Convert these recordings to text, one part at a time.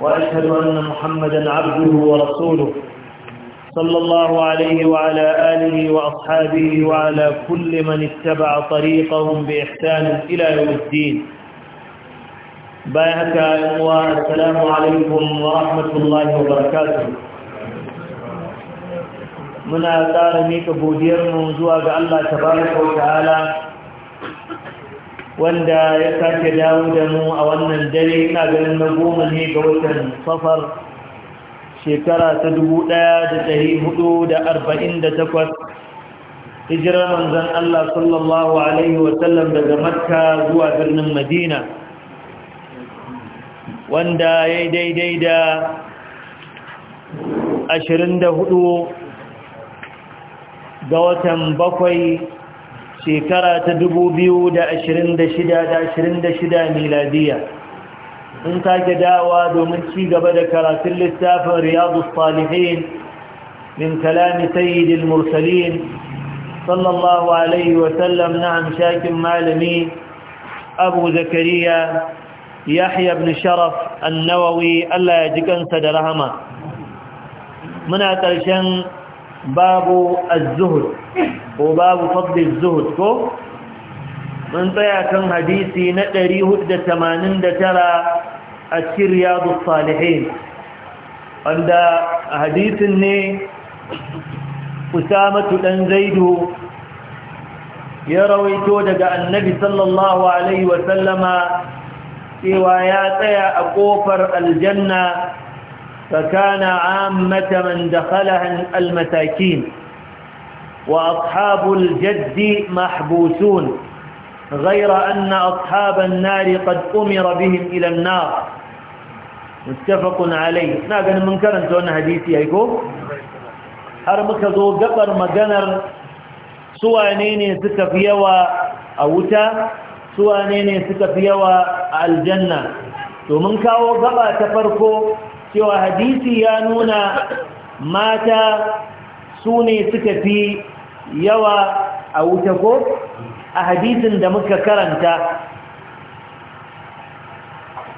وأشهد أن محمدا عبده ورسوله صلى الله عليه وعلى آله وأصحابه وعلى كل من اتبع طريقهم بإحسان إلى يوم الدين بايعك والسلام عليكم ورحمة الله وبركاته من ƙara mika godiyarmu zuwa ga تبارك وتعالى wanda ya sake dawo da mu a wannan dare ina ganin na goma ne ga watan safar shekara ta dubu ɗaya da ɗari hudu da arba'in da takwas hijirar manzan Allah sallallahu Alaihi wasallam daga makka zuwa birnin madina wanda ya yi daidai da ashirin da hudu ga watan bakwai shekara ta 2026-26 miladiya in sake dawa domin ci gaba da karatun littafin riyadu salihin min kalami sayyidil mursalin sallallahu alaihi wasallam na hamshakin malami abu zakariya yahya ibn sharaf annawawi allah ya ji kansa da rahama muna ƙarshen babu az-zuhud ko babu fadlin zuhud ko mun tsaya kan hadisi na 489 a cikin riyadu salihin wanda hadisin ne usamatu dan zaidu ya rawaito daga annabi sallallahu alaihi sallama cewa ya tsaya a ƙofar aljanna fakana ammata man dakhalaha almasakin وأصحاب الجد محبوسون غير أن أصحاب النار قد أمر بهم إلى النار متفق عليه ناقن من كرنت وانا حديثي أيكو هرمك ذو قبر مجنر سوى نيني ستفيوى أوتا سوى نيني ستفيوى الجنة ومن كاو قبر تفركو سوى حديثي يانونا مات سوني ستفي yawa a wuta ko a hadisin da muka karanta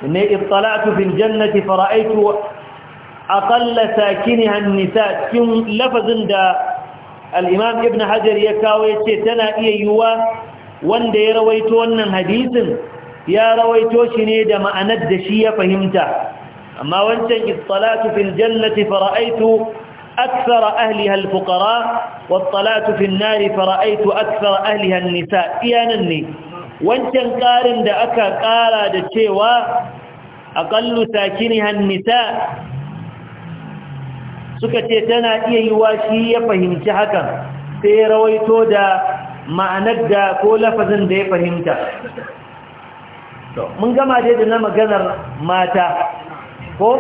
ne ibtalatu fil jannati fara'aytu aqalla sakinaha an-nisa kin lafazin da al-imam ibn hajar ya kawo yace tana iya yiwa wanda ya rawaito wannan hadisin ya rawaito shi ne da ma'anar da shi ya fahimta amma wancan ibtalatu fil jannati fara'aytu akthara ahliha al-fuqara والصلاة في النار فرأيت أكثر أهلها النساء إيانني وانتن قارن دا أكا قارا دا تشيوا أقل ساكنها النساء سكتي تنا إيه واشي يفهم شحكا في رويتو دا معنى دا كل فزن دا يفهمتا من قمع دا نما قنر ماتا ko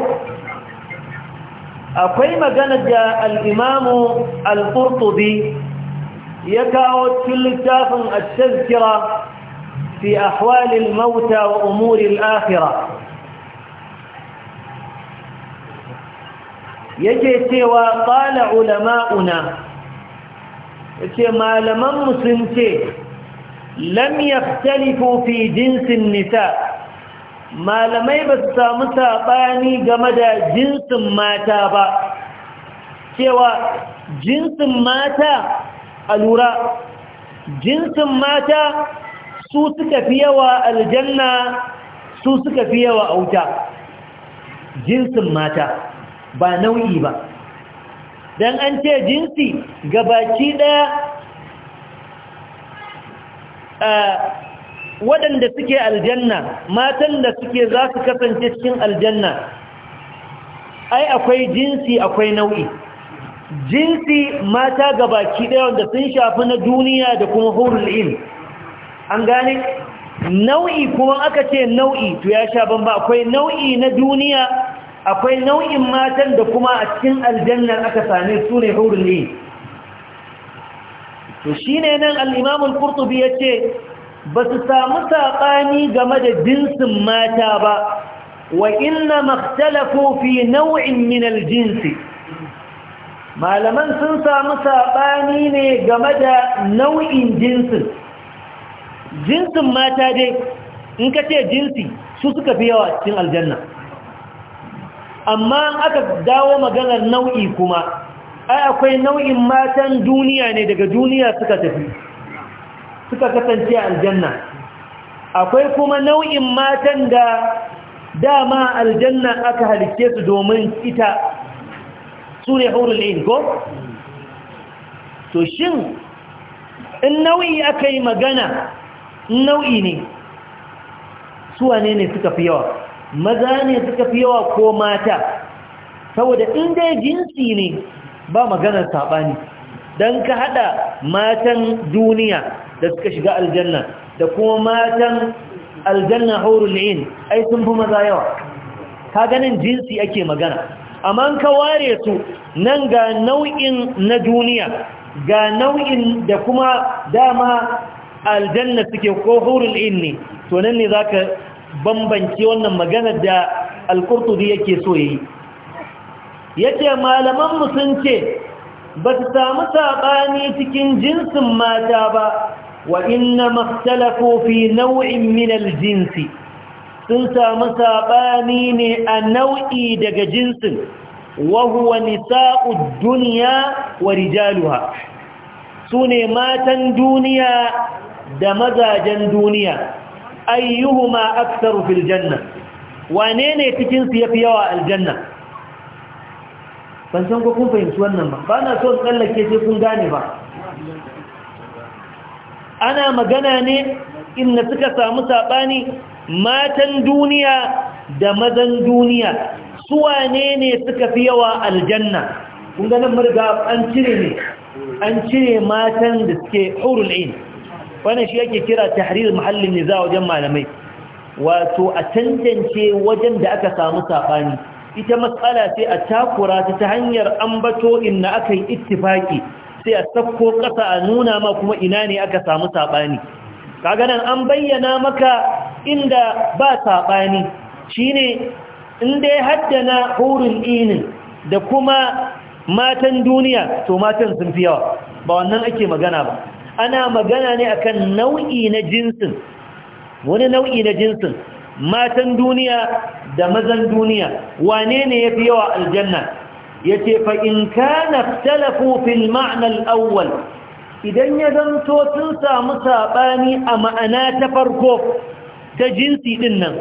akwai magana da al'imamu al'urtubi ya kawo cikin littafin a tazkira fi ahwalil mauta wa umurin akhira yake cewa ƙala ulama'una yake malamanmu sun ce lam yaktalifu fi jinsin nisa' malamai ba su samu saɓani game da jinsin mata ba cewa jinsin mata a lura jinsin mata su suka fi yawa aljanna su suka fi yawa auta jinsin mata ba nau'i ba don an ce jinsi gabaci ɗaya waɗanda suke aljanna matan da suke za su kasance cikin aljanna ai akwai jinsi akwai nau'i jinsi mata gabaki ɗaya wanda sun shafi na duniya da kuma hurul in an gane nau'i kuma aka ce nau'i to ya sha ban ba. akwai nau'i na duniya akwai nau'in matan da kuma a cikin aljanna aka same su ne hurul in to shine nan al-imam al-qurtubi yace ba su samu saɓani game da jinsin mata ba wa inna makhtalafu nau'in min jinsi. malaman sun samu saɓani ne game da nau'in jinsin jinsin mata dai in ka ce jinsi su suka fi yawa cikin aljanna amma aka dawo maganar nau'i kuma ai akwai nau'in matan duniya ne daga duniya suka tafi suka kasance aljanna akwai kuma nau'in matan da dama aljanna aka halicce su domin ita su ne hurul ko? to shin in nau'i aka yi magana nau'i ne suwa ne ne suka fi yawa maza ne suka fi yawa ko mata saboda dai jinsi ne ba maganar saɓani don ka haɗa matan duniya da suka shiga aljanna da kuma matan aljanna haurul ain ai sun fi maza yawa ka ganin jinsi ake magana amma ka ware su nan ga nau'in na duniya ga nau'in da kuma dama aljanna suke ko haurul ain ne to nan ne zaka bambance wannan magana da al-qurtubi yake so yayi yace malaman mu sun ce ba su samu saɓani cikin jinsin mata ba وإنما اختلفوا في نوع من الجنس سنسى مسابانين النوعي دق جنس وهو نساء الدنيا ورجالها سنة ماتا دنيا دمزاجا دنيا أيهما أكثر في الجنة وانين يتجنس يفيوى الجنة فانسان كون فهمت وانا ما فانا سوى قال لك يجب أن ana magana ne inda suka samu saɓani matan duniya da mazan duniya su ne ne suka fi yawa aljanna kun ganin murga an cire ne an cire matan da suke hurul ain wannan shi yake kira tahrir mahallin niza wajen malamai wato a tantance wajen da aka samu saɓani ita matsala sai a takura ta hanyar ambato inna aka yi ittifaki sai a sakko ƙasa a nuna ma kuma ina ne aka samu saɓani kaganan an bayyana maka inda ba saɓani shi ne, in ya haddana hurin inin da kuma matan duniya to matan sun fi yawa ba wannan ake magana ba ana magana ne akan nau'i na jinsin wani nau'i na jinsin matan duniya da mazan duniya wane ne ya fi yawa aljanna yace fa in ka ikhtalafu fil ma'na awwal idan ya zanto sun samu saɓani a ma'ana ta farko ta jinsi ɗin nan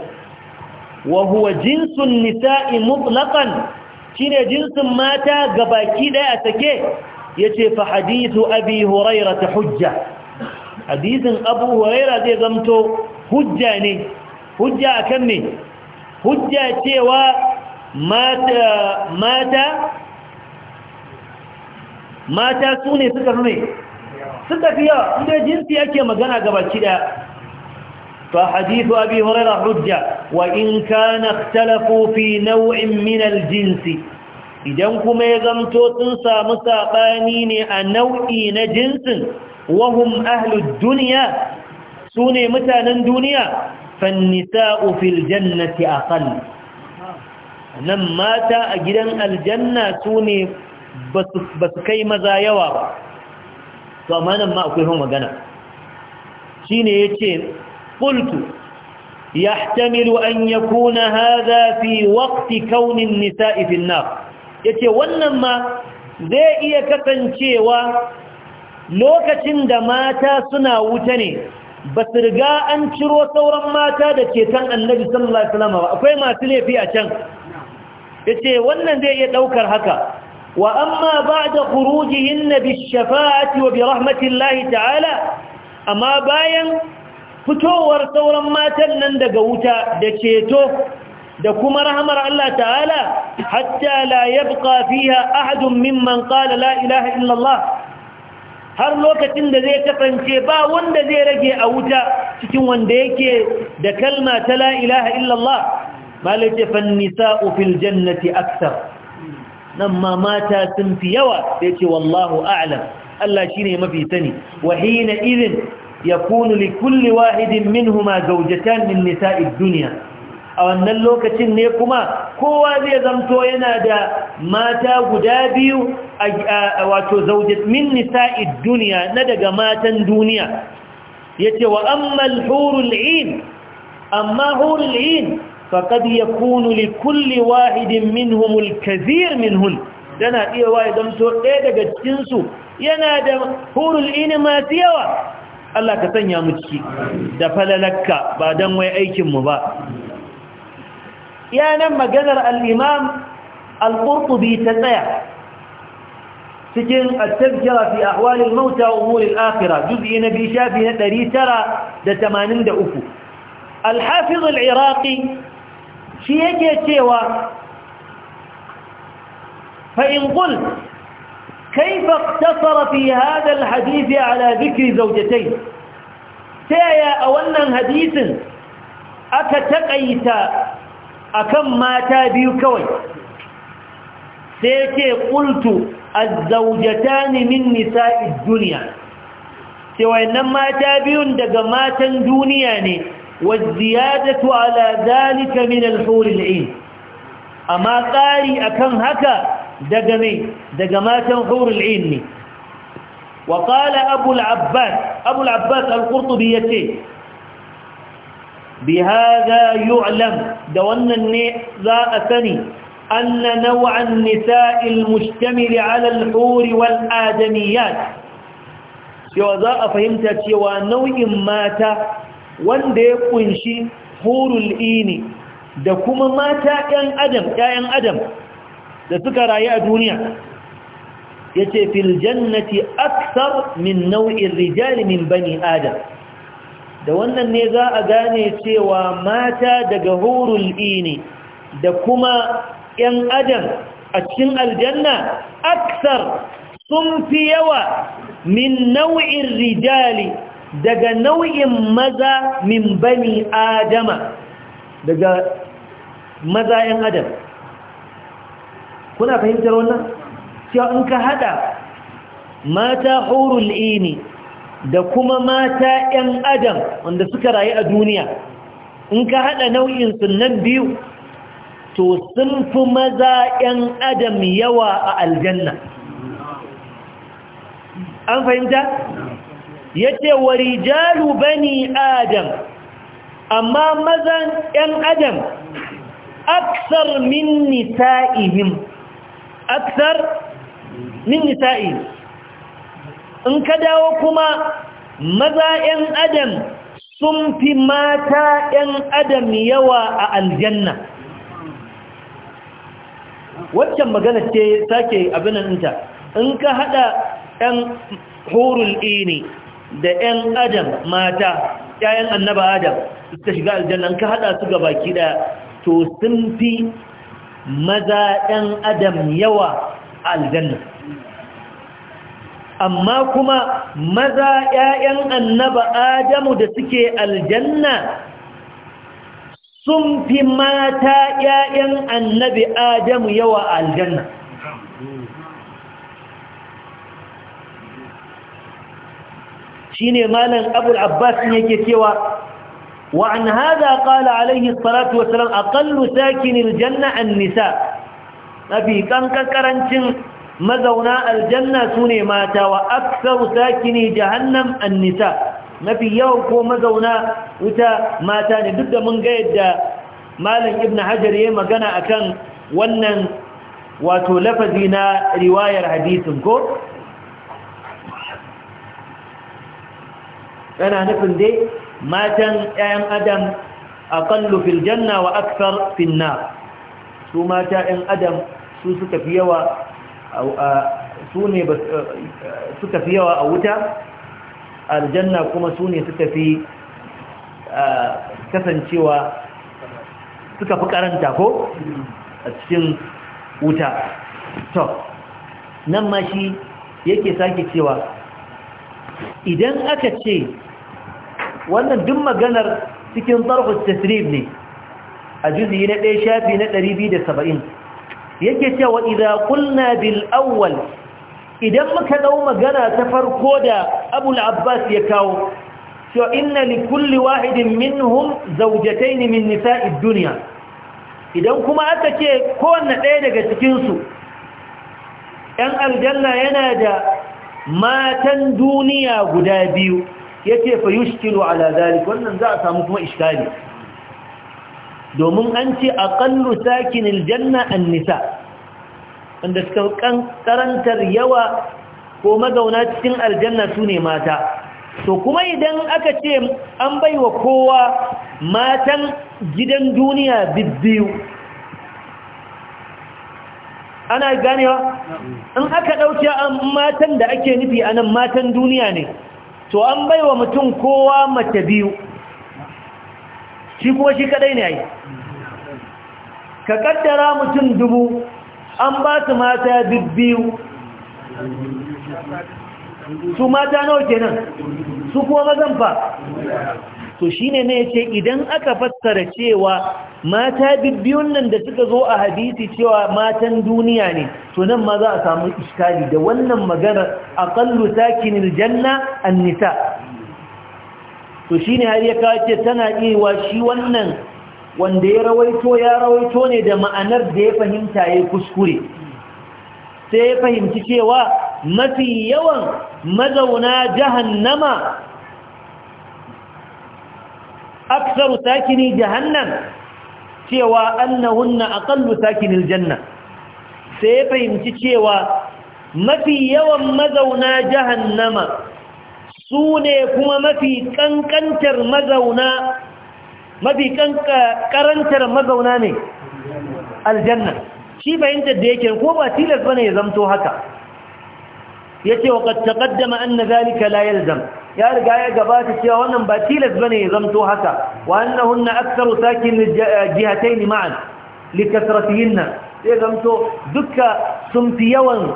wa jinsun nisa'i mutlaqan shine jinsin mata ga a sake? take ce fa hadithu abi huraira ta hujja hadisin abu huraira zai zamto hujja ne hujja kan ne hujja cewa mata mata su ne suka fi yawa inda jinsi yake magana gaba kida fa hadithu abi huraira hujja wa in kana ikhtalafu fi naw'in min aljins idan kuma ya gamto sun samu saɓani ne a nau'i na jinsin wahum ahlud dunya sune mutanen duniya fa an-nisa'u fil jannati aqall nan mata a gidan aljanna su ne ba su kai maza yawa ba to amma nan ma akwai magana shi ne ya ce Fultu. ya tamilu an ya kuna haza fi waƙti kaunin nisa ifin na ya ce wannan ma zai iya kasancewa lokacin da mata suna wuta ne ba su riga an ciro sauran mata da ceton annabi sallallahu alaihi wasallam ba akwai masu laifi a can yace wannan zai iya ɗaukar haka wa amma ba'da khurujihinna bishafa'ati wa bi rahmatillahi ta'ala amma bayan fitowar sauran matan nan daga wuta da ceto da kuma rahamar Allah ta'ala hatta la yabqa fiha ahadun mimman ƙala la ilaha illa Allah har lokacin da zai kasance ba wanda zai rage a wuta cikin wanda yake da kalma ta la ilaha illallah malaka nisa'u fil jannati akthar nan ma mata sun fi yawa yace wallahu a'lam Allah shine mafi sani wa hina idhin yakunu li kulli wahidin minhuma zawjatan min nisa'id dunya a wannan lokacin ne kuma kowa zai zamto yana da mata guda biyu wato zaujat min nisa'id dunya na daga matan duniya yace wa amma al-hurul amma hurul 'ain فقد يكون لكل واحد منهم الكثير منهن لنا إيه واحد أمسوا إيه قد جنسوا ينادى هور الإنما سيوا الله كتن يا مجي دفل لك بعد أن يأيك المباة يا نما قدر الإمام القرطبي تسيع سجن التذكرة في أحوال الموتى وأمور الآخرة جزء نبي شافي نتري ترى دتمانين دأفو الحافظ العراقي shi yake cewa fa’in ƙul kai ba ta farafi haɗar hadisi ala zikiri zaujatai ta yaya a wannan hadisin aka taƙaita a kan mata biyu kawai sai ke ƙultu a zaujata ne min nisa duniya cewa yannan mata biyun daga matan duniya ne والزيادة على ذلك من الحور العين أما قاري أكم هكا دقمي دقمات حور العين وقال أبو العباس أبو العباس القرطبي يتي بهذا يعلم دون النزاء ثني أن نوع النساء المشتمل على الحور والآدميات cewa za a fahimta cewa nau'in mata wanda ya kunshi hurul ini da kuma mata ‘yan adam ‘ya'yan adam da suka rayu a duniya ya ce fil jannati aksar min nau'in rijali min bani adam da wannan ne za a gane cewa mata daga hurul ini da kuma ‘yan adam a cikin aljanna aksar sun fi yawa min nau'in rijali daga nau'in maza min bani adama daga maza ‘yan adam kuna fahimtar wannan? cewa in ka hada mata hurul ini da kuma mata ‘yan adam wanda suka rayu a duniya in ka hada nau'in sunan biyu to sun fi maza ‘yan adam yawa a aljanna an fahimta? yace wa rijalu bani adam amma mazan yan adam aksar min nisa'ihim aksar min nisa'ihim in ka dawo kuma maza yan adam sun fi mata yan adam yawa a aljanna waccan magana ce sake abin ta in ka haɗa ɗan hurul ini da 'yan adam mata 'ya'yan annaba adam suka shiga aljanna ka hada su ga baki ɗaya, to sun fi maza 'yan adam yawa a aljanna amma kuma maza 'ya'yan annaba adamu da suke aljanna sun fi mata 'ya'yan annabi adamu yawa a aljanna shine malam abul abbas yake cewa wa an hada qala alaihi salatu wa salam aqallu sakinin janna an-nisa mafi kankarancin mazauna aljanna sune mata wa aktsaru sakini jahannam an-nisa mafi yawan ko mazauna wuta mata ne duk da mun ga yadda malam ibn hajar ya magana akan wannan wato lafazi na riwayar hadisin ko yana nufin dai matan 'ya'yan adam a fil janna wa aksar finna su mata 'yan adam su suka fi yawa su ne suka fi yawa a wuta aljanna kuma su ne suka fi kasancewa suka fi karanta ko a cikin wuta to nan ma shi yake sake cewa idan aka ce wannan duk maganar cikin tsarkus tasrib ne a juzi na ɗaya shafi na 270 yake cewa idan kulna bil awwal idan muka dau magana ta farko da abul abbas ya kawo cewa inna li kulli wahidin minhum zawjatayn min nisa'id dunya idan kuma aka ce kowanne ɗaya daga cikin su ɗan aljanna yana da matan duniya guda biyu yace fa yushkilu ala wannan za a samu kuma iskali domin an ce aqallu sakinil janna an-nisa wanda suka karantar yawa ko mazauna cikin aljanna su ne mata to kuma idan aka ce an baiwa kowa matan gidan duniya bibbiyu ana ganewa in aka ɗauki matan da ake nufi anan matan duniya ne to an bai wa mutum kowa mace biyu shi kuma shi kadai ne yi. ka kaddara mutum dubu an ba su mata biyu su mata nawa kenan su kuma mazan fa to shi ne yace idan aka fassara cewa mata bibbiyun nan da suka zo a hadisi cewa matan duniya ne to nan ma za a samu iskali da wannan magana aqallu sakinil janna an-nisa to ne har ya kawo ce tana iya shi wannan wanda ya rawaito ya rawaito ne da ma'anar da ya fahimta ya kuskure sai ya fahimci cewa mafi yawan mazauna jahannama aksaru sakini jahannan. cewa annahunna aqallu sakinil janna sai ya fahimci cewa mafi yawan mazauna jahannama su ne kuma mafi kankantar mazauna mafi mazauna ne aljanna shi fahimtar da yake ko ba tilas bane ya zamto haka yace wa qad taqaddama anna zalika la yalzam ya riga ya gabata cewa wannan ba tilas bane ya zamto haka wa annahunna aktharu sakin jihatayn ma'an likasratihinna sai zamto dukka sun fi yawan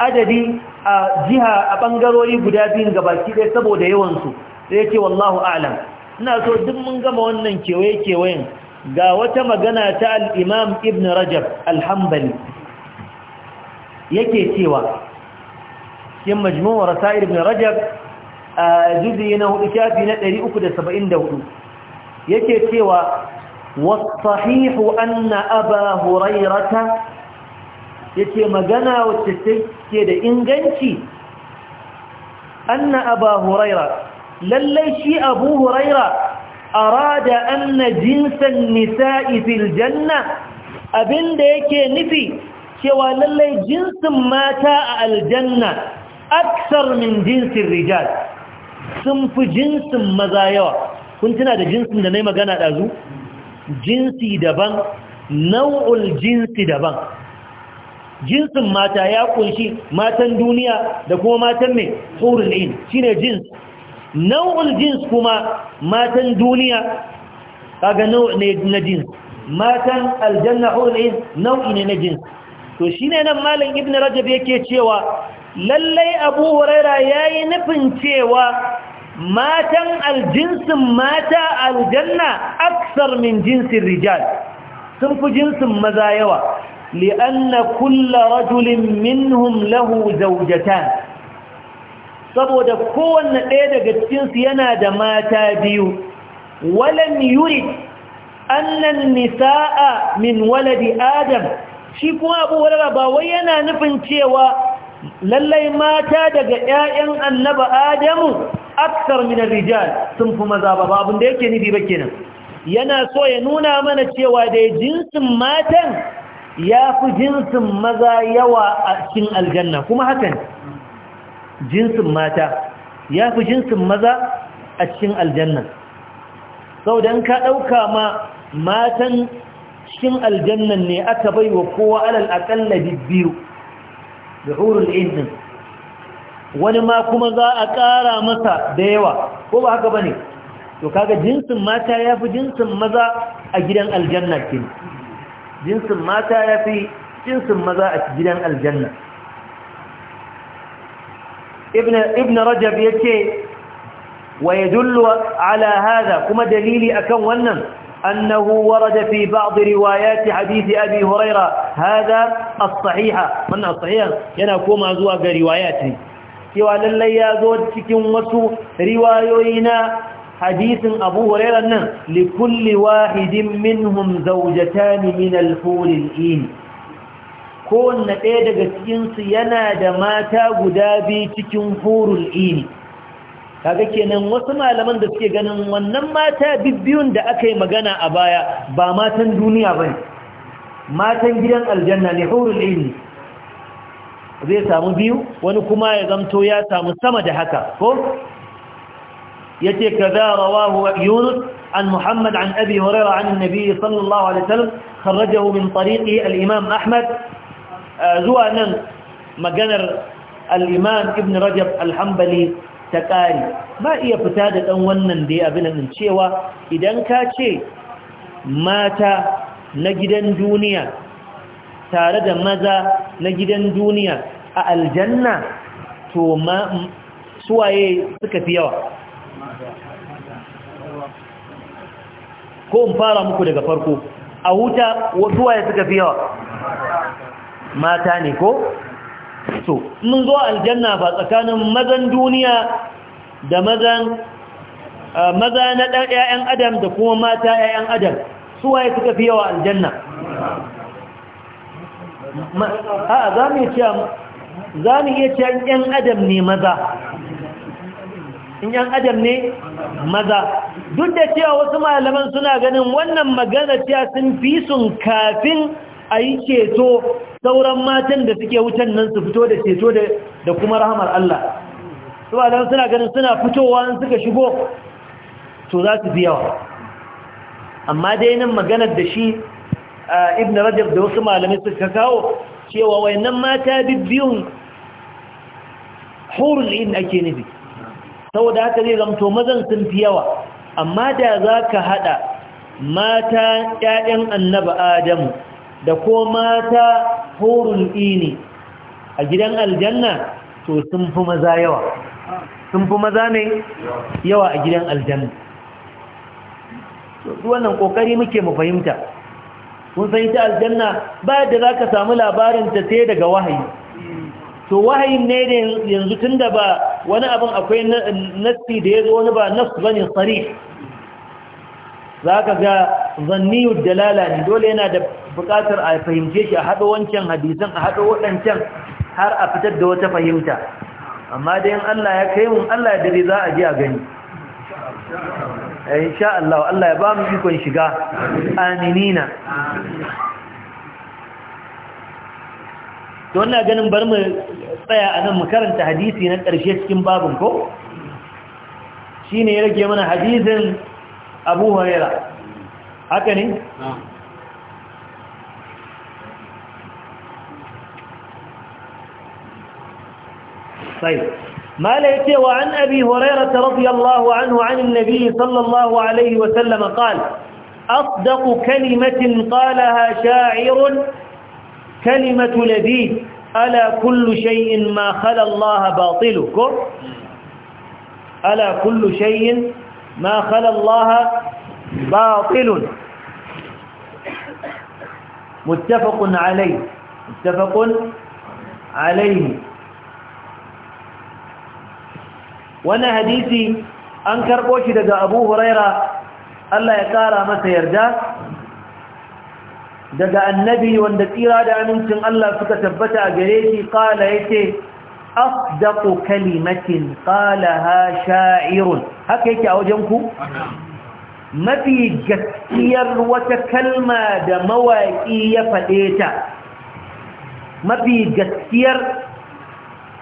adadi a jiha a bangarori guda biyu gabaki ɗaya saboda yawan su sai yace wallahu a'lam ina so duk mun gama wannan kewaye kewayen ga wata magana ta al-imam ibn rajab al-hanbali yake cewa cikin majmuwar rasa'ir ibn rajab a juzi na hudu shafi na 374 yake cewa wasahihu anna aba hurairata yake magana wacce take da inganci anna aba huraira lallai shi abu huraira arada anna jinsan nisa'i fil janna abinda yake nufi cewa lallai jinsin mata a aljanna aksar min jinsin rijal sun fi jinsin maza yawa kun tuna da jinsin da na yi magana ɗazu jinsi daban nau'ul jinsi daban jinsin mata ya kunshi matan duniya da kuma matan mai horin in shine jins nau'ul jins kuma matan duniya kaga nau'i na jins matan aljanna horin in nau'i ne na jins to shine nan malam ibn rajab yake cewa lallai abu huraira ya yi nufin cewa matan aljinsin mata aljanna aksar min jinsin rijal sun fi jinsin maza yawa li'anna kulla rajulin minhum lahu zaujatan saboda kowanne ɗaya daga cikinsu yana da mata biyu walan yurid annan nisa'a min waladi adam shi kuma abu huraira ba wai yana nufin cewa lallai mata daga ƴaƴan annaba adamu aksar min rijal sun fi maza ba abin da yake nidi ba kenan yana so ya nuna mana cewa da jinsin matan ya fi jinsin maza yawa a cikin aljanna kuma hakan jinsin mata ya fi jinsin maza a cikin aljanna sau don ka ɗauka ma matan cikin aljannan ne aka bai wa kowa alal aƙalla biyu da hurul wani ma kuma za a ƙara masa da yawa ko ba haka ba ne to kaga jinsin mata ya fi jinsin maza a gidan aljanna ke jinsin mata ya fi jinsin maza a gidan aljanna ibn rajab ya ce wa ya dullu ala hada kuma dalili akan wannan أنه ورد في بعض روايات حديث أبي هريرة هذا الصحيحة من الصحيحة ينكوم أزواج رواياته cewa lallai ya zo cikin wasu riwayoyi na hadisin abu hurairar nan likulli wahidin minhum zaujatani min alhulil in kowanne ɗaya daga cikinsu yana da mata guda biyu cikin hurul ini kaga kenan wasu malaman da suke ganin wannan mata bibbiyun da aka yi magana a baya ba matan duniya ba matan gidan aljanna ne hurul zai samu biyu wani kuma ya zamto ya samu sama da haka ko yace kaza wa yunus an muhammad an abi hurairah an nabi sallallahu alaihi wasallam min tariqi al-imam ahmad uh, zuwa nan maganar al-imam ibn rajab al-hanbali ta ƙari ba iya fita da ɗan wannan da ya abin nan cewa idan ka ce mata na gidan duniya tare da maza na gidan duniya a aljanna to ma suwaye suka fi yawa ko in fara muku daga farko a wuta suwaye suka fi yawa mata ne ko so mun zo aljanna ba tsakanin mazan duniya da mazan maza na dan ƴaƴan adam da kuma mata ƴaƴan adam su waye suka fi yawa aljanna a za mu iya cewa ƴan adam ne maza in adam ne maza duk da cewa wasu malaman suna ganin wannan magana cewa sun fi sun kafin a yi ceto sauran matan da suke wutan nan su fito da ceto da kuma rahamar Allah su ba don suna ganin suna fitowa in suka shigo to za su yawa amma dai nan maganar da shi ibn rajab da wasu malamai suka kawo cewa wayannan mata bibbiyun hurul in ake nufi saboda haka zai zamto mazan sun fi yawa amma da za ka haɗa mata ‘ya'yan annaba Adamu da ko mata hurul ini a gidan aljanna to sun fi maza yawa sun fi maza ne yawa a gidan aljanna to wannan kokari muke mu fahimta kun san ita aljanna ba da zaka samu labarin ta sai daga wahayi to wahayi ne da yanzu tunda ba wani abin akwai nassi da yazo wani ba nafs bane sarih zaka ga zanniyud dalala ne dole yana da buƙatar a fahimce shi a haɗo wancan hadisan a haɗo waɗancan har a fitar da wata fahimta amma dai in Allah ya kai mun Allah ya dare za a je a gani eh, insha Allah Allah ya ba mu ikon shiga aminina to wannan ganin bar mu tsaya a nan mu karanta hadisi na ƙarshe cikin babun ko shine ya rage mana hadisin Abu Hurairah haka ne طيب ما ليتي وعن أبي هريرة رضي الله عنه عن النبي صلى الله عليه وسلم قال أصدق كلمة قالها شاعر كلمة لذيذ ألا كل شيء ما خلا الله باطلكم ألا كل شيء ما خلا الله باطل متفق عليه متفق عليه wannan hadisi an karɓo shi daga abu huraira Allah ya kara masa yarda daga annabi wanda tsira da amincin Allah suka tabbata a gare shi ƙala ya ce kalimatin ƙala ha sha'irun haka yake a ku? mafi gaskiyar wata kalma da mawaki ya faɗe ta mafi gaskiyar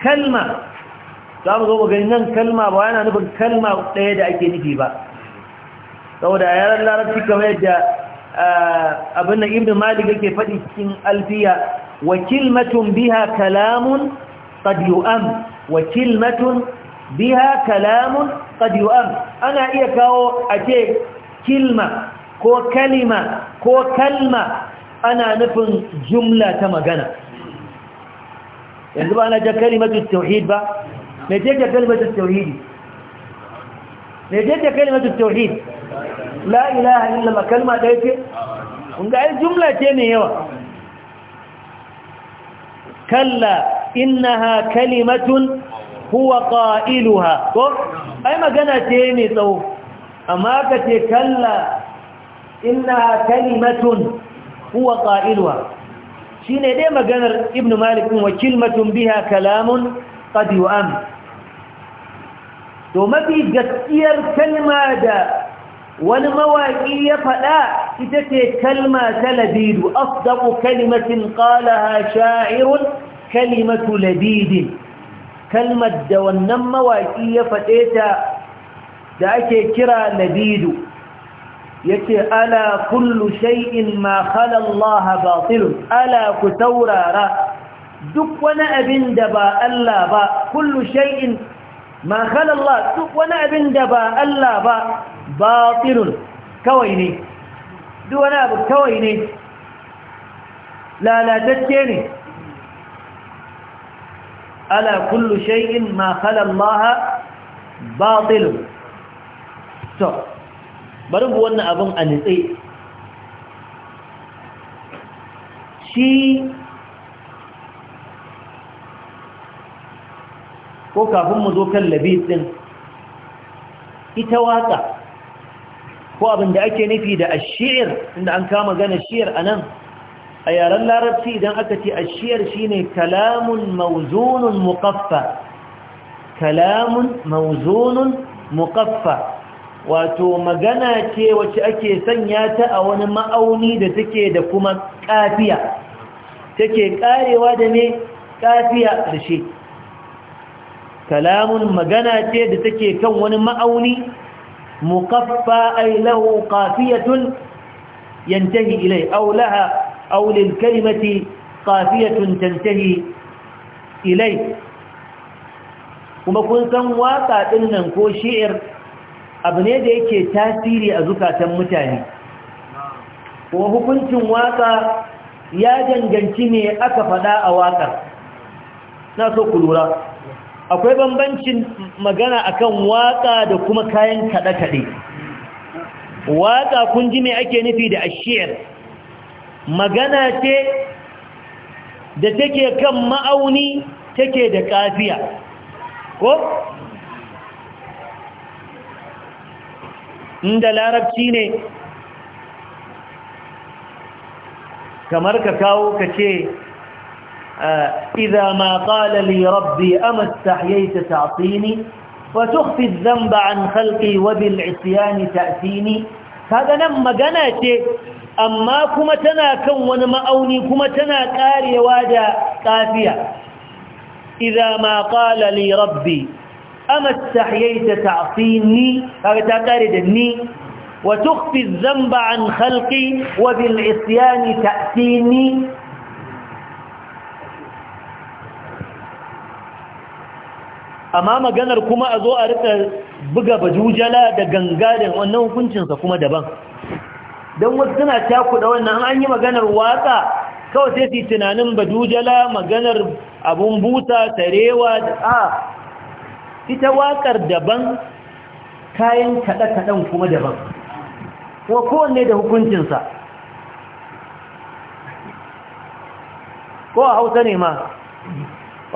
kalma za mu zo mu gani nan kalma ba yana nufin kalma ɗaya da ake nufi ba saboda yaran larabci kamar yadda eh, abin da ibn malik yake faɗi cikin alfiya wa kilmatun biha kalamun qad yu'am wa biha kalamun qad yu'am ana iya kawo a ce kilma ko kalima ko kalma ana nufin jumla ta magana yanzu ba ana ja kalimatu tauhid ba نتيجة كلمة التوحيد نتيجة كلمة التوحيد لا إله إلا ما كلمة ديك ونقع جملة تاني يوا كلا إنها كلمة هو قائلها أي ما قنا تاني تو أما كتي كلا إنها كلمة هو قائلها شين ديما قال ابن مالك وكلمة بها كلام قد يؤمن to mafi gaskiyar kalma da wani mawaƙi ya faɗa ita ce kalma ta labidu asdaku kalimatin ƙalaha sha'irun kalimatu labidin kalmar da wannan mawaƙi ya faɗe ta da ake kira labidu yace ala kullu shay'in ma khala Allah batilun ala ku taurara duk wani abin da ba Allah ba kullu shay'in ma Allah duk wani abin da ba Allah ba batilun kawai ne duk wani abu kawai ne lalatacce ne ala kullu shay'in ma khala batilun to bari bu wannan abin a nitse shi ko kafin mu zo kan labis ɗin, ita waka ko abin da ake nufi da ashir inda an kama gana shiyar a nan a yaren larabci idan aka ce ashir shine kalamun mauzunun muqaffa kalamun mauzunun muqaffa wato magana ce wacce ake sanya ta a wani ma'auni da take da kuma kafiya take karewa da ne kafiya da shi kalamun magana ce da take kan wani ma'auni muqaffa ay lahu qafiyatun yantahi ilay aw laha aw lil kalimati qafiyatun tantahi ilay kuma kun san waka din nan ko shi'ir abu ne da yake tasiri a zukatan mutane kuma hukuncin waka ya danganci ne aka faɗa a wakar na so ku lura akwai bambancin magana akan waka da kuma kayan kaɗe-kaɗe waka kun ji me ake nufi da ashiyar magana ce da take kan ma'auni take da kafiya ko inda larabci ne kamar ka kawo ka ce آه، إذا ما قال لي ربي أما استحييت تعطيني نعم وتخفي الذنب عن خلقي وبالعصيان تأتيني هذا نم قناتي أما كما تنا كون مأوني كما تنا كاري وادا كافية إذا ما قال لي ربي أما استحييت تعصيني هذا تقارد الني وتخفي الذنب عن خلقي وبالعصيان تأتيني amma maganar kuma a zo a rika buga bajujala da ganga da wannan hukuncinsa kuma daban don wasu suna cakuɗa wannan an yi maganar watsa kawai sai su tunanin bajujala maganar abun buta tarewa da a ita wakar daban kayan kaɗe-kaɗen kuma daban kuma kowanne da hukuncinsa ko a hausa ne ma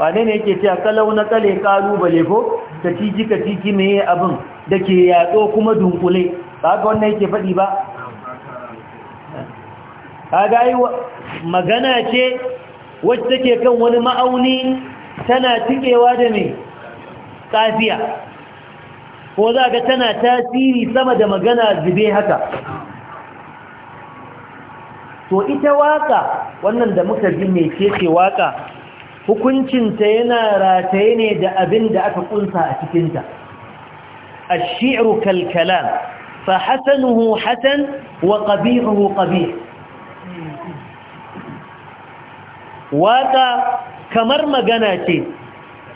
wane ne yake cewa kalau na kale kalubale ko ta tiji ka tiji me abin da ke yatso kuma dunkule ba ga wannan yake faɗi ba ga yi magana ce wacce take kan wani ma'auni tana tikewa da mai tsafiya ko za ga tana tasiri sama da magana zube haka to ita waka wannan da muka ji mai ce ce waka hukuncinta yana rataye ne da abin da aka kunsa a cikinta الشعر كالكلام فحسنه حسن وقبيحه قبيح واقع kamar magana ce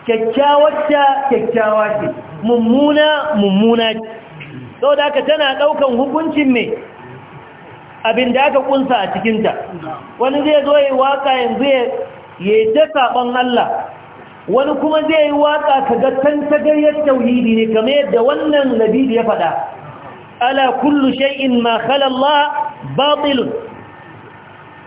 kyakkyawacce kyakkyawa ce mummuna mummuna ce sau da aka tana ɗaukan hukuncin mai abin da aka kunsa a cikinta wani zai zo ya waka yanzu ya ya ta sabon Allah wani kuma zai yi waƙa ka ga tantagayyar tauhidi ne kamar yadda wannan labidi ya faɗa ala kullu shay'in ma khala Allah batil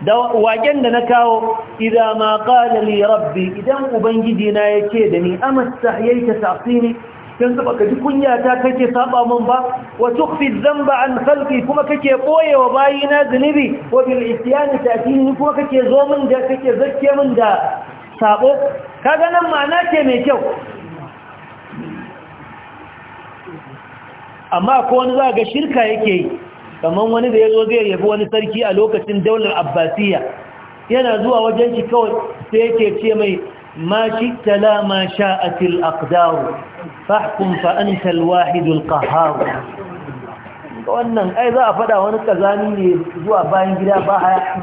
da waken da na kawo idan ma qala li rabbi idan ubangiji na yake da ni amastahyayta ta'sini yanzu baka ji kunya ta kake saba min ba wa tukhfi dhanba an khalqi kuma kake wa bayina zunubi wa bil isyani ta'tini kuma kake zo min da kake zakke min da sabo kaga nan ma'ana ce mai kyau amma ko wani za ga shirka yake yi kamar wani da yazo zai yabi wani sarki a lokacin daular abbasiya yana zuwa wajen shi kawai sai yake ce mai ما شئت لا ما شاءت الأقدار فاحكم فأنت الواحد القهار wannan ai za fada wani kazani ne zuwa bayan gida ba haya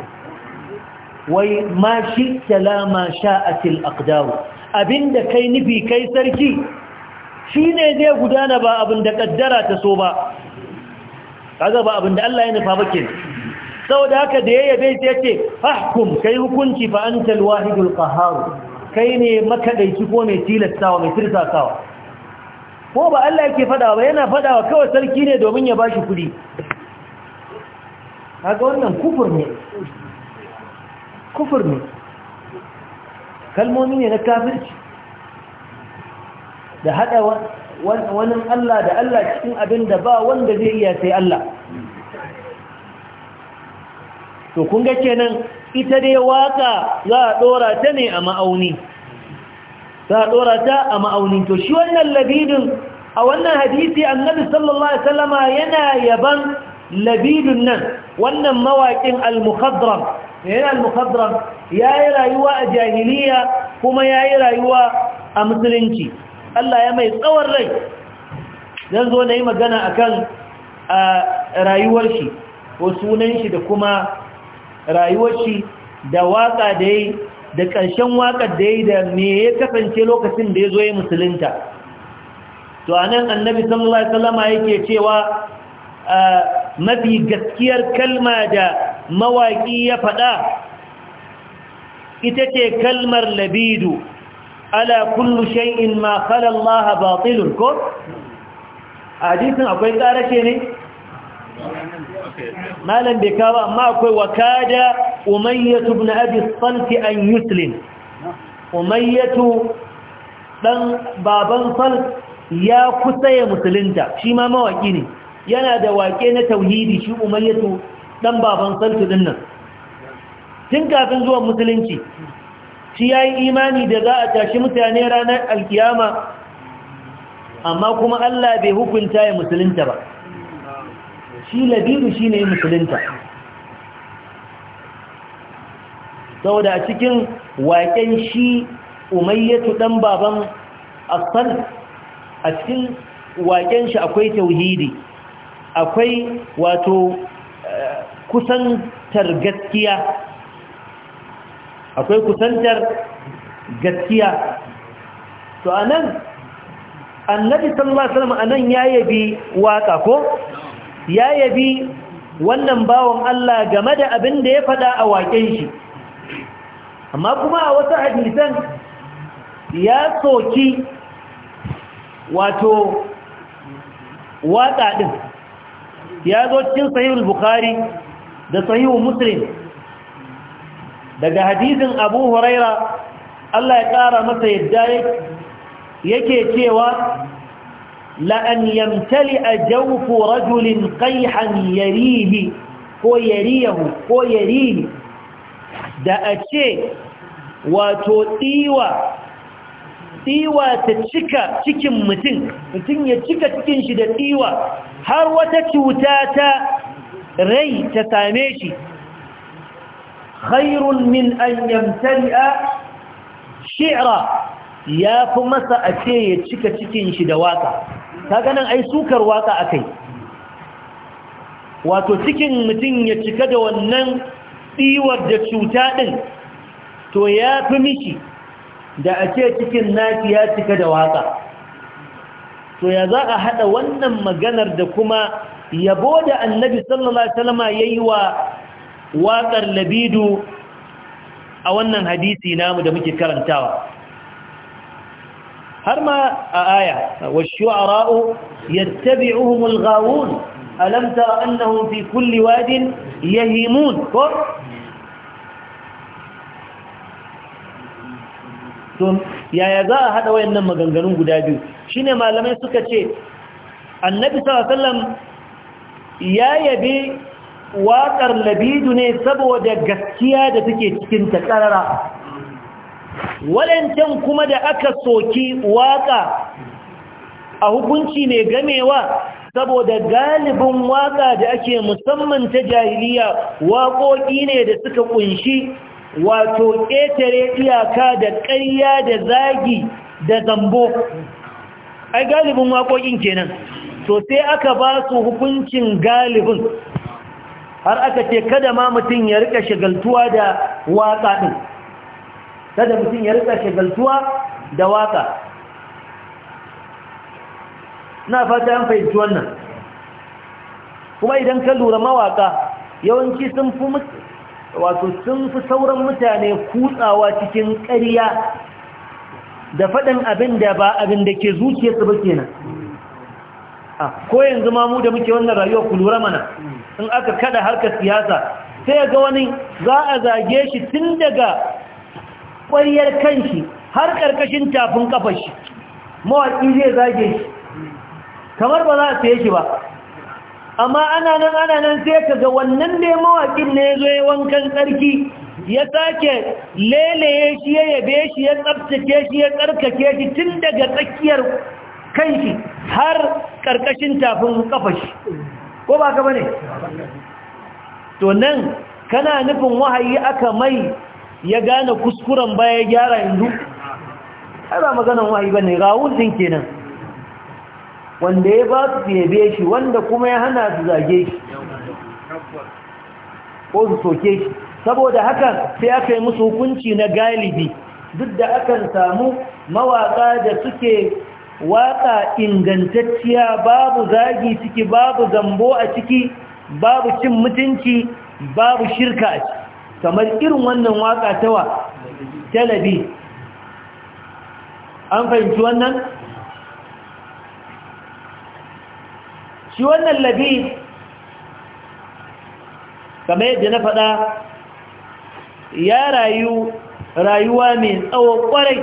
wai ma shi salama sha'atil aqdaw abinda kai nufi kai sarki shine zai gudana ba abinda kaddara ta so ba kaga ba abinda Allah ya nufa ba kenan saboda haka da yayi bai sai ce fahkum kai hukunci fa'antar wahidul qahhar kai ne makaɗaici ko mai tilastawa mai tirsasawa ko ba Allah yake faɗawa ba yana faɗawa kawai sarki ne domin ya bashi kuɗi haka wannan kufur ne kufur ne kalmomi ne na kafirci da haɗa wani Allah da Allah cikin abin da ba wanda zai iya sai Allah to kun ga kenan ita dai waka za a dora ta ne a ma'auni za a dora ta a ma'auni to shi wannan labidin a wannan hadisi annabi sallallahu alaihi wasallama yana yaban labidun nan wannan mawaƙin al-mukhadram yana eh, al-mukhadram yayi rayuwa a jahiliya kuma yayi rayuwa a musulunci Allah ya mai tsawon rai zan zo na yi magana akan a rayuwar shi ko sunan shi da kuma rayuwar shi da waka da yayi da ƙarshen wakar da yayi da me ya kasance lokacin da ya zo ya musulunta to anan annabi sallallahu alaihi wasallama yake cewa mafi gaskiyar kalma da mawaki ya faɗa ita ce kalmar labidu ala kullu shay'in ma khala Allah batilun ko hadisin akwai ƙarashe ne malam bai kawo amma akwai wakada umayyatu ibn abi salt an yuslim umayyatu dan baban salt ya kusa ya musulunta shi ma mawaki ne yana da wake na tauhidi shi umayyatu dan baban salt din tun kafin zuwa musulunci shi yayi imani da za a tashi mutane ranar alkiyama amma kuma Allah bai hukunta ya musulunta ba shi Labibu shi ne musulunta Sau da cikin waƙen shi umayyatu ɗan baban asal a cikin waƙen shi akwai tauhidi akwai wato eh, kusantar gaskiya akwai kusantar gaskiya to anan annabi sallallahu alaihi wasallam anan yayi bi waka ko ya yabi wannan bawan Allah game da abin da ya faɗa a waƙen shi amma kuma a wasu hadisan ya soki wato waƙa ɗin ya zo cikin sahihul bukhari da sahihul muslim daga hadisin abu huraira Allah ya ƙara masa yadda yake cewa لأن يمتلئ جوف رجل قيحا يريه ko yariyahu yarihi da a ce wato tsiwa tsiwa ta cika cikin mutum mutum ya cika cikin shi da tsiwa har wata cuta ta rai ta same shi khairun min an a shi'ra ya fi masa a ce ya cika cikin shi da waka ta ganin ai sukar waka kai. wato cikin mutum ya cika da wannan tsiwar da cuta ɗin to ya fi mishi da a ce cikin nasi ya cika da waka to ya za a haɗa wannan maganar da kuma yabo da annabi sallallahu alaihi wasallam yayi wa waƙar labidu a wannan hadisi namu da muke karantawa har ma a aya wa shu'ara'u yattabi'uhum ghawun alam tara annahum fi kulli wadin yahimun ko yaya za a hada wayannan maganganun guda biyu shine malamai suka ce annabi sallallahu ya yabi waƙar labidu ne saboda gaskiya da take cikin takarara waɗancan kuma da aka soki waƙa a hukunci ne gamewa saboda galibin waƙa da ake musamman ta jahiliya waƙoƙi ne da suka ƙunshi wato ƙetare iyaka da ƙarya da zagi da zambo ai galibin waƙoƙin kenan to sai aka ba su hukuncin galibin har aka ce kada ma mutum ya rika shagaltuwa da waƙa ɗin kada mutum ya rika shagaltuwa da waka na fata an fahimci wannan kuma idan ka lura mawaka yawanci sun fi wato sun fi sauran mutane kutsawa cikin ƙarya da faɗin abin da ba abin da ke su ba kenan ah, ko yanzu ma mu da muke wannan rayuwa ku lura mana in aka kada harkar siyasa sai ga wani za a zage shi tun daga ƙwariyar kanshi har ƙarƙashin tafin kafar shi mawaƙi zai zage shi kamar ba za a saye shi ba amma ana nan ana nan sai ka ga wannan ne mawaƙin ne zo ya wankan tsarki ya sake lelaye shi ya yabe shi ya tsabtace shi ya tsarkake shi tun daga tsakiyar kanshi har ƙarƙashin tafin shi, ko ba ka ba ne? to nan kana nufin wahayi aka mai ya gane kuskuren baya ya gyara yanzu ai ba maganan wahayi bane rawun din kenan wanda ya ba su yabe shi wanda kuma ya hana su zage shi ko su soke shi saboda haka sai aka yi musu hukunci na galibi duk da akan samu mawaka da suke waka ingantacciya babu zagi ciki babu zambo a ciki babu cin mutunci babu shirka a ciki kamar irin wannan waka tawa talabi an fahimci wannan shi wannan labi kamar yadda na faɗa ya rayu rayuwa mai tsawo kwarai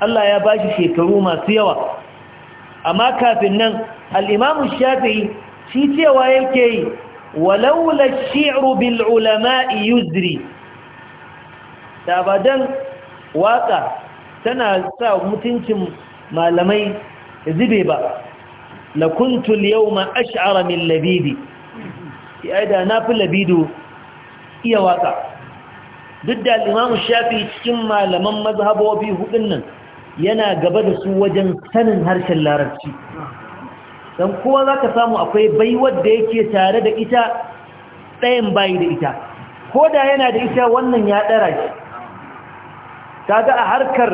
Allah ya ba shi shekaru masu yawa amma kafin nan al'imamun shafi shi cewa yake yi walaula shi'ru bil ulama'i yuzri da ba waka tana sa mutuncin malamai zube ba la kuntu al-yawma ash'ara min labidi ya da na fi labido iya waka duk da al-imam shafi cikin malaman mazhabobi hudun nan yana gaba da su wajen sanin harshen larabci don kowa za ka samu akwai baiwar da yake tare da ita ɗayan bayi da ita ko da yana da ita wannan ya ɗara shi kaga a harkar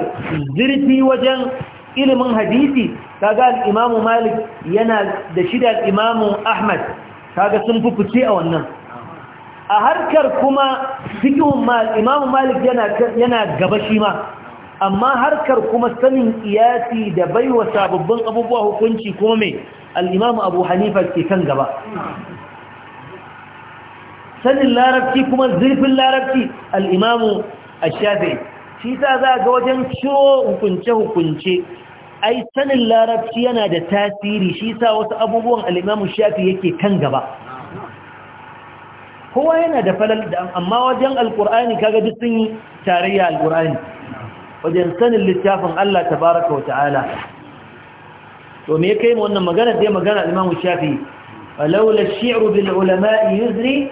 zirfi wajen ilimin hadisi kaga al'imamu malik yana da shida al'imamu ahmad kaga sun fi fice a wannan a harkar kuma fikihun ma al'imamu malik yana gaba shi ma amma harkar kuma sanin iyasi da baiwa sababbin abubuwa hukunci kuma mai al'imamu abu hanifa ke kan gaba sanin larabci kuma zirfin larabci al'imamu a shafi shi ta za ga wajen ciro hukunce-hukunce ai sanin larabci yana da tasiri shi sa wasu abubuwan al'imamu shafi yake kan gaba kowa yana da falal amma wajen alkur'ani kaga duk sun yi tarayya alkur'ani wajen sanin littafin Allah tabaraka wa ta'ala to me kai mu wannan magana da magana imamu Shafi laula ash bil ulama yuzri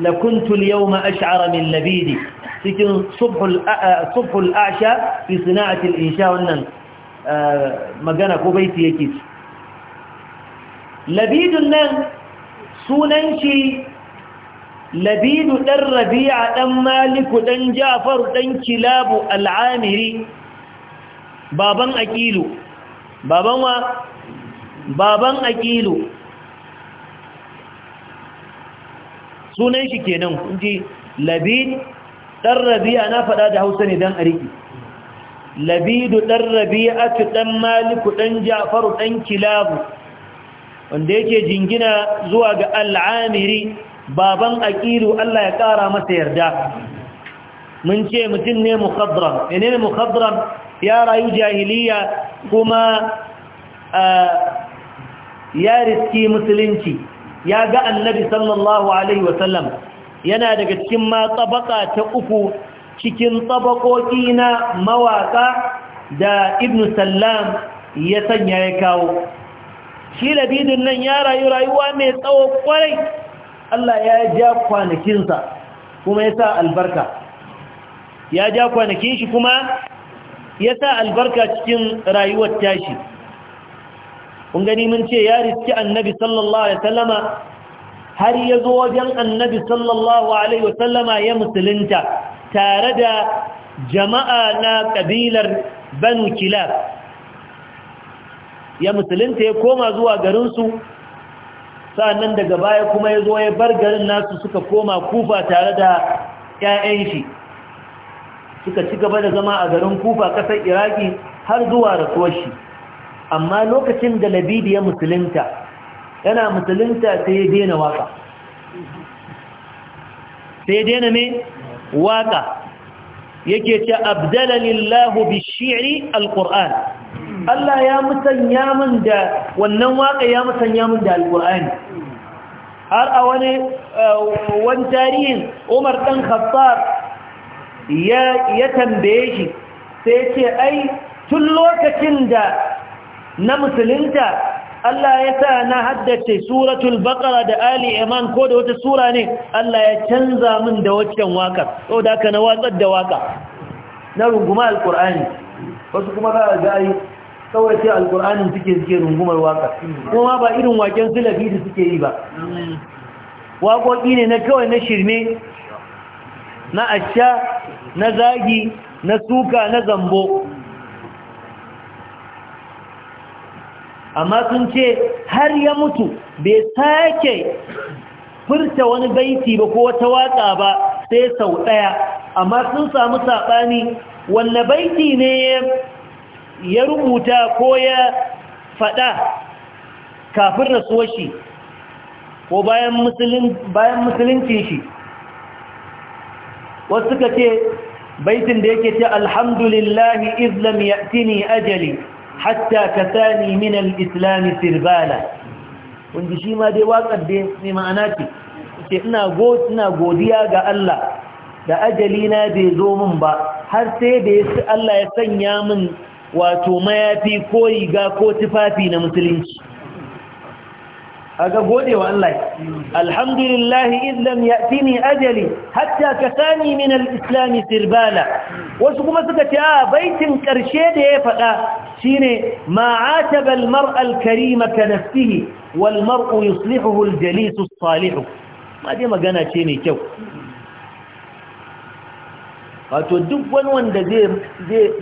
lakuntu al-yawma ash'ara min labidi cikin subhul subhul a'sha fi sana'ati al-insha wannan magana ko baiti yake labidun nan sunan shi labidu ɗan rabi'a ɗan maliku ɗan jafar ɗan kilabu al'amiri baban Akilu. baban wa baban Akilu. sunan shi kenan kunji labid ɗan rabi'a na faɗa da hausa ne don a riƙi labidu ɗan rabi'a su ɗan maliku ɗan jafaru ɗan kilabu wanda yake jingina zuwa ga al'amiri baban aqilu Allah ya kara masa yarda mun ce mutum ne mukhadram menene mukhadram ya rayu jahiliya kuma ya riski musulunci ya ga annabi sallallahu alaihi wasallam yana daga cikin ma tabaka ta uku cikin tabakoki na mawaka da ibn sallam ya sanya ya kawo shi labidin nan ya rayu rayuwa mai tsawo kwarai Allah ya ja kwanakinsa kuma ya sa albarka ya ja kwanakin shi kuma ya sa albarka cikin rayuwar tashi kun gani mun ce ya riski annabi sallallahu alaihi wasallama har ya zo wajen annabi sallallahu alaihi wasallama ya musulunta tare da jama'a na ƙabilar banu kilab ya musulunta ya koma zuwa garinsu sa'annan daga baya kuma ya zo ya bar garin nasu suka koma kufa tare da 'ya'yan shi suka ci gaba da zama a garin kufa ƙasar iraki har zuwa rasuwar shi amma lokacin da labidi ya musulunta yana musulunta sai ya daina waka sai ya waka yake ce abdalalillahu bi shi'ri Allah ya musanya min da wannan waƙa ya musanya min da alqur'ani har a eh, wani tarihin umar ɗan khattab ya tambaye shi sai ce ai tun lokacin da na musulunta Allah ya sa na haddace suratul baqara da ali iman ko da wata sura ne Allah ya canza min da waccan waka da haka na watsar da waka na runguma alqur'ani wasu kuma za a ga kawai sai alkur'anin suke suke rungumar waka kuma ba irin waken sulafi da suke yi ba waƙoƙi ne na kawai na shirme na asha na zagi na suka na zambo amma sun ce har ya mutu bai sake furta wani baiti ba ko wata waƙa ba sai sau ɗaya amma sun samu saɓani wanne baiti ne ya rubuta ko ya faɗa kafin rasuwar shi ko bayan musulunci shi wasu suka ce baitin da yake ce alhamdulillahi islam ya tini ajali hatta ka sani min al'islami sirbala wanda shi ma dai waƙar da ne ma'ana ce ce ina godiya ga Allah da ajali na bai zo min ba har sai da Allah ya sanya min wato mayafi ko riga ko tufafi na musulunci aga gode wa Allah alhamdulillah idan yatini ajali hatta kasani min islami sirbala wasu kuma suka ce a baitin karshe da ya faɗa shine ma'ataba almar'a karima ka nafsihi walmar'u yuslihu aljalis as-salih ma dai magana ce mai kyau wato duk wani wanda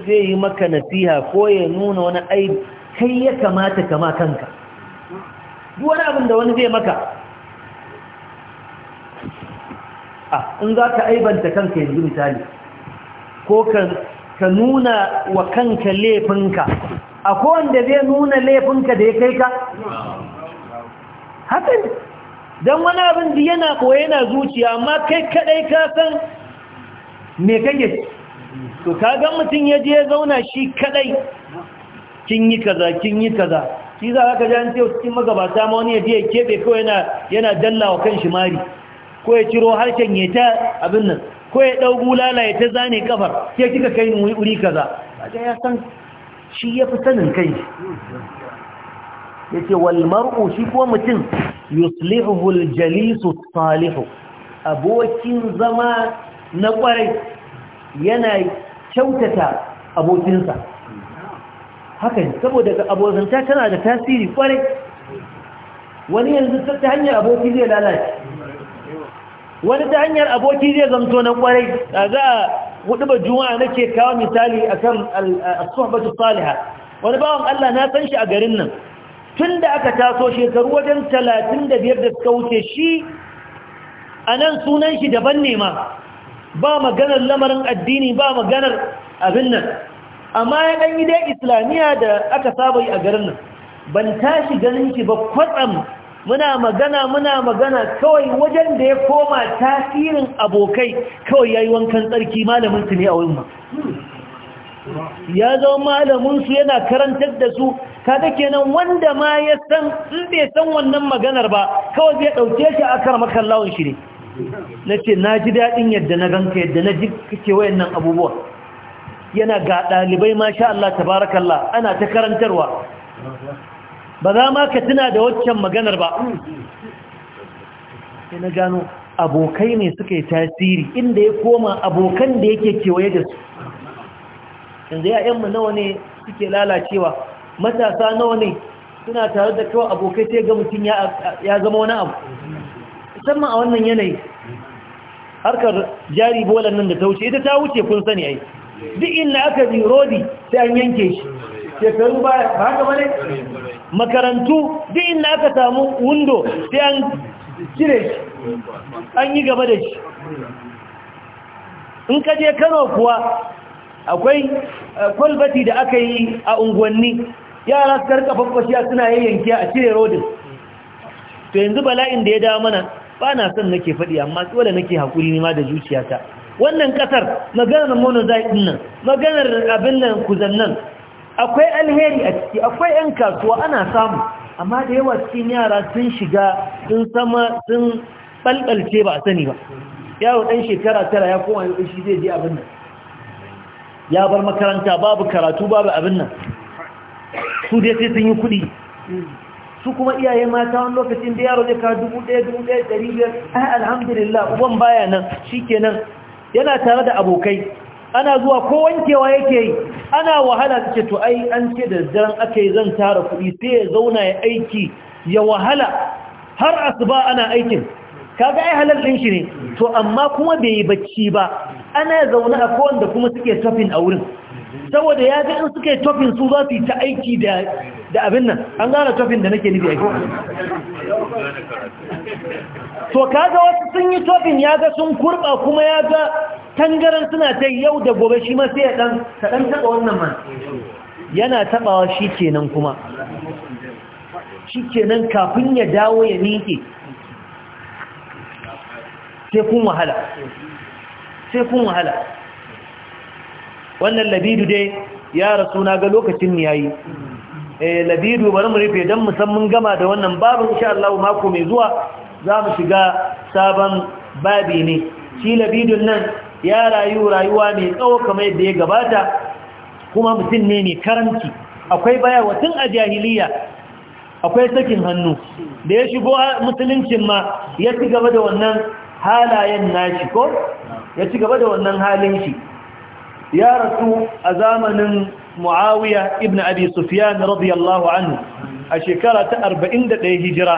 zai yi maka nasiha ko ya nuna wani aibi kai ya kamata kama kanka duk wani abin da wani zai maka a in za ka aibanta kanka yanzu misali ko ka nuna wa kanka laifinka a kowanda zai nuna laifinka da ya kai ka hakan don wani abin da yana koya yana zuciya amma kai kadai ka san me kake to kaga mutum ya je ya zauna shi kadai kin yi kaza kin yi kaza shi za ka ji an ce cikin magabata ma wani ya je ya kebe ko yana yana dallawa kan shi mari ko ya ciro harken ya ta abin nan ko ya dau gulala ya ta zane kafar sai kika kai ni wuri kaza kaga ya san shi ya fi sanin kai yace wal mar'u shi ko mutum yuslihu al jalisu salihu abokin zama na kwarai yana kyautata abokinsa haka ne saboda abokanta tana da tasiri kwarai wani yanzu ta hanyar aboki zai lalace wani ta hanyar aboki zai zamto na kwarai a za a hudu ba juma'a nake kawo misali akan as-suhbatu salihah wani bawan Allah na san shi a garin nan tun da aka taso shekaru wajen talatin da biyar da suka wuce shi a nan sunan shi daban ne ma ba maganar lamarin addini ba maganar abin nan amma ya ɗan yi dai islamiyya da aka saba yi a garin nan ban tashi ganin shi ba kwatsam muna magana muna magana kawai wajen da ya koma tasirin abokai kawai ya yi wankan tsarki malamin su ne a wurin ma ya zama malamin su yana karantar da su kada kenan wanda ma ya san in bai san wannan maganar ba kawai zai ɗauke shi a kar makallawun shi ne na ce na ji daɗin yadda na ganka yadda na ji kake nan abubuwa yana ga ɗalibai masha Allah tabarakallah ana ta karantarwa ba za ma ka tuna da waccan maganar ba Yana na gano abokai ne suka yi tasiri inda ya koma abokan da yake kewaye da su yanzu ya'yanmu nawa ne suke lalacewa matasa nawa ne suna tare da kawai abokai sai ga mutum ya zama wani abu musamman a wannan yanayi harkar jari bolan nan da ta wuce ita ta wuce kun sani ai duk inda aka bi rodi sai an yanke shi shekaru ba haka bane makarantu duk inda aka samu wundo sai an cire shi an yi gaba da shi in ka je Kano kuwa akwai eh, kwalbati da aka yi a unguwanni yara su karka fafashiya suna yayyanki a cire rodin to yanzu bala'in da ya dawo mana ba na son nake faɗi amma dole nake haƙuri ma da zuciyata wannan ƙasar maganar monozite nan maganar abin nan kuzan nan akwai alheri a ciki akwai 'yan kasuwa ana samu amma da yawa cikin yara sun shiga sun sama sun ɓalɓalce ba a sani ba yaro ɗan shekara tara ya koma yau shi zai je abin nan ya bar makaranta babu karatu babu abin nan su dai sai sun yi kuɗi su kuma iyaye mata wani lokacin da yaro zai dubu ɗaya dubu ɗaya ɗari biyar alhamdulillah uban baya nan shi kenan yana tare da abokai ana zuwa ko wankewa yake yi ana wahala su ce to ai an ce da daren aka yi zan tara kuɗi sai ya zauna ya aiki ya wahala har asuba ana aikin kaga ai halal ɗin shi ne to amma kuma bai yi bacci ba ana zaune a kowanda kuma suke tafin a wurin saboda ya ga in suka yi tofin su za su yi ta aiki da abin nan an gane tofin da nake nufi aiki to kaga wasu sun yi tofin ya ga sun kurba kuma ya ga tangaran suna ta yau da gobe shi ma sai ya dan taɓa wannan man yana tabawa shi kenan kuma shi kenan kafin ya dawo ya miƙe sai kun wahala sai kun wahala wannan labidu dai ya rasu na ga lokacin ni yayi eh labidu bari mu rufe dan musamman gama da wannan babu insha Allah mako mai zuwa za mu shiga sabon babi ne shi labidun nan ya rayu rayuwa mai tsawo kamar yadda ya gabata kuma mutum ne mai karanci akwai tun a jahiliya akwai sakin hannu da ya shigo musuluncin ma ya ci gaba da wannan halayen nashi ko ya ci gaba da wannan halin shi ya rasu a zamanin muawiya ibn abi sufyan radiyallahu anhu a shekara ta 41 hijira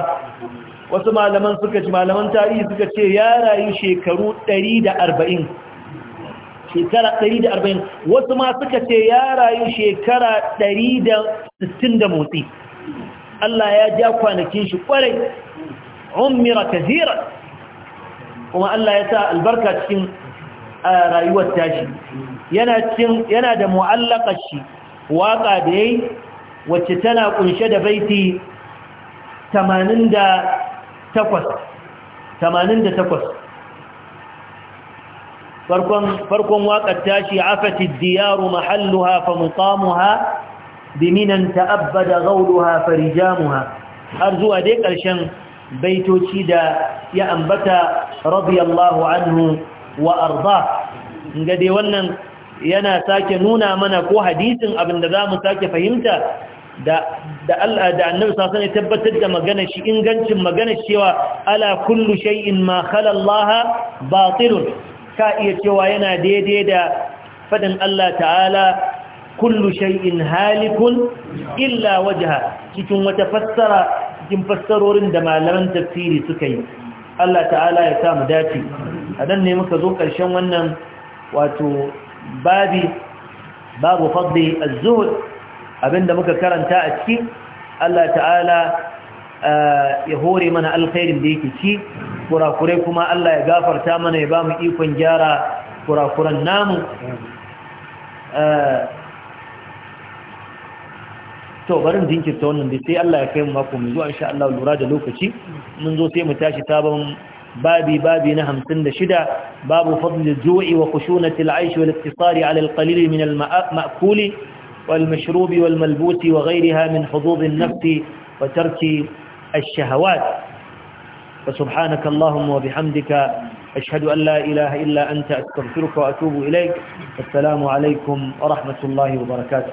wasu malaman suka ci malaman tarihi suka ce ya rayu shekaru 140 shekara 140 wasu ma suka ce ya rayu shekara 160 da motsi Allah ya ja kwanakin shi kwarai umira kaziran kuma Allah ya sa albarka cikin rayuwar tashi yana da mu'allaqar shi waka da yayi wacce tana kunshe da baiti 88 farkon farkon waƙar tashi afati diyaru mahalluha fa muqamuha biminan ta'abbada ghawluha ha har zuwa dai ƙarshen baitoci da ya ambata radiyallahu anhu wa arda ga dai wannan yana sake nuna mana ko hadisin abin da za mu sake fahimta da Allah da annabi sasa ne tabbatar da magana shi ingancin magana cewa ala kullu shay'in ma khala Allah batilun ka iya cewa yana daidai da fadin Allah ta'ala kullu shay'in halikun illa wajha cikin wata fassara cikin fassarorin da malaman tafsiri suka yi Allah ta'ala ya samu dace a ne muka zo ƙarshen wannan wato babi babu fadli az-zuhd abinda muka karanta a ciki Allah ta'ala eh, ya hore mana alkhairin da yake ci kurakurai kuma Allah ya gafarta mana ya bamu ikon gyara kurakuran namu eh, to barin jinkirta wannan dai sai Allah ya kai mu mako mu zuwa insha Allah lura da lokaci mun zo sai mu tashi sabon بابي بابي نهم سند شدة باب فضل الجوع وخشونة العيش والاقتصار على القليل من المأكول والمشروب والملبوس وغيرها من حظوظ النفس وترك الشهوات فسبحانك اللهم وبحمدك أشهد أن لا إله إلا أنت أستغفرك وأتوب إليك السلام عليكم ورحمة الله وبركاته